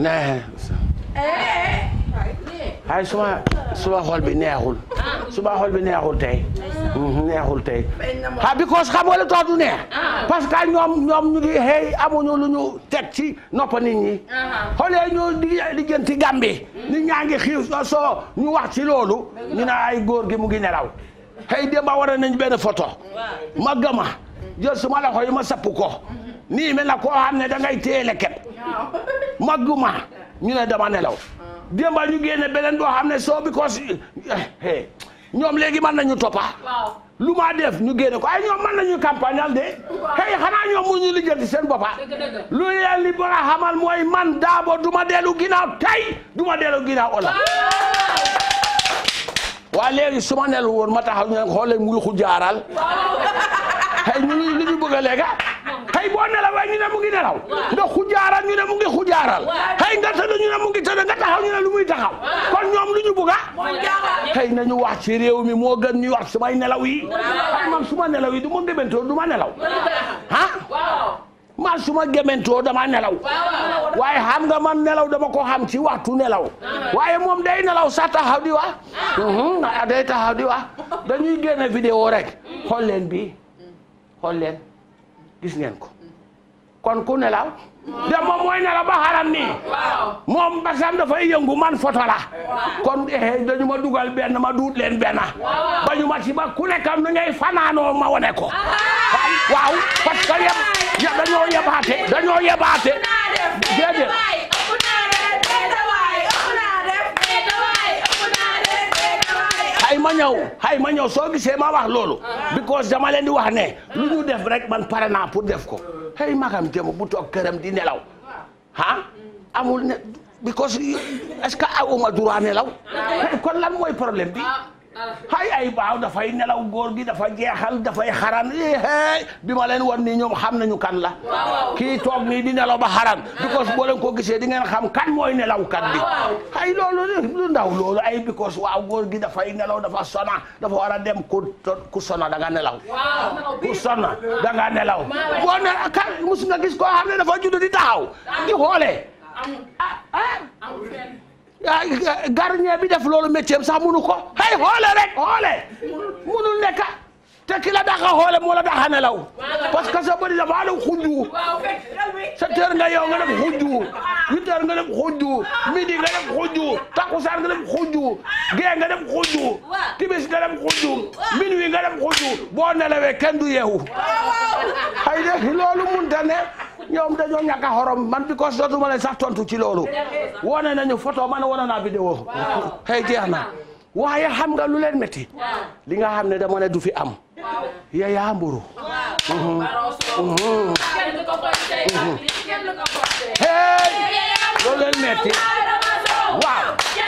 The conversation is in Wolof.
neexee. ay suma xol bi neexul. suma xol bi neexul tey. Hmm, neexul tey. ah because xam nga lu du neex. parce que ñoom ñoom ñu ngi xëy amuñu lu ñu teg ci noppa nit ñi. xoolee ñu di lijjanti Gàmbi. nit ñaa ngi xiif soo ñu wax ci loolu. ñu ne ay góor gi mu ngi nelaw. xëy démba war nañ benn photo. ma gëma jël suma loxo yi ma sapp ko. nii mel na koo xam ne dangay téye leket. magguma ñu ne dama nelaw ah. démba ñu génne beneen boo xam ne soo bi ko eh, eh. ñoom léegi mën nañu toppa lu maa def ñu génne ko ay ñoom mën nañu campagnal de xëy xanaa ñoom mu ñu lijjanti seen boppa lu leen li bara xamal mooy man daabo duma dellu ginnaaw tey duma dellu ginnaaw ola waaye léegi su nelu woon ma taxaw ñu ne xool leen mu ngi ñu li ñu bëgg a ah? xëy boo nelawee ñu ne mu nelaw nga xujaaral ñu ne mu ngi xujaaral xëy nga tëdd ñu ne mu ngi tëdd nga taxaw ñu ne lu muy taxaw kon ñoom lu ñu bugga ah? xëy nañu wax ci réew mi moo gën ñu wax sumay nelaw yi ah, man suma nelaw yi du ma gémentoo du ma nelaw ah man suma gémentoo dama nelaw waaye xam nga man nelaw dama ko xam ci waxtu nelaw uh-huh. waaye moom day nelaw sa taxaw di wax uh-huh. uh-huh. day taxaw di wax dañuy génne vidéo rek mm. xool leen bi xool gis ngeen ko kon ku nelaw de moom mooy nelaw ba xaram nii moom basam dafay yëngu man foto la kon eh, eh dañu ma dugal benn ma duut leen benn ba ñu ma ci ba ku nekkam nu ngay fanaanoo ma wone ko waaw parce que yeb dañoo yebaate dañoo yebaate ma ñëw xay ma ñëw soo gisee ma wax loolu ah. because dama leen di wax ne lu ñu def rek man pare naa pour def ko xëy magam jëm bu toog këram di nelaw ah amul ne because est-ce que awuma droit nelaw ah. kon lan mooy problème bi ah. hay ay baaw dafay nelaw góor gi dafa jeexal dafay xaran éé eh, bi ma leen wan nii ñoom xam nañu kan la kii toog nii di nelaw ba xaran because boo koo gisee di ngeen xam kan mooy nelawkat bi hay loolu lu ndaw loolu ay because waaw góor gi dafay nelaw dafa sona dafa war a dem ku ku sona da nga nelaw ku sona da nga nelaw boo ne kan mus nga gis koo xam ne dafa judd di taxaw di xoolee ah, ah. Ah, gardien bi def loolu métier am sax munu ko xëy xoole rek xoole munul nekka te ki la daxa moo la daxa nelaw parce que sa bëri dafa def xujju sept heures nga yow nga def xujju huit heures nga def xujju midi nga def xujju takkusaan nga def xujju gee nga def xujju timis nga def xujju minuit nga def xujju boo nelawee kenn du yeewu xëy de loolu munta ne ñoom dañoo ñàkk a xorom man because dootuma leen sax tontu ci loolu wone nañu photo man wone naa vidéo xëy jeex na waaye xam nga lu leen métti li nga xam ne dama ne du fi am Yaya Mburu mhm. Mhm. Mhm. hey loolu leen métti waaw